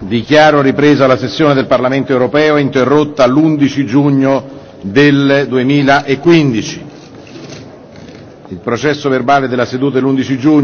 dichiaro ripresa la sessione del parlamento europeo interrotta l'11 giugno del. 2015. E il processo verbale della seduta dell' undici giugno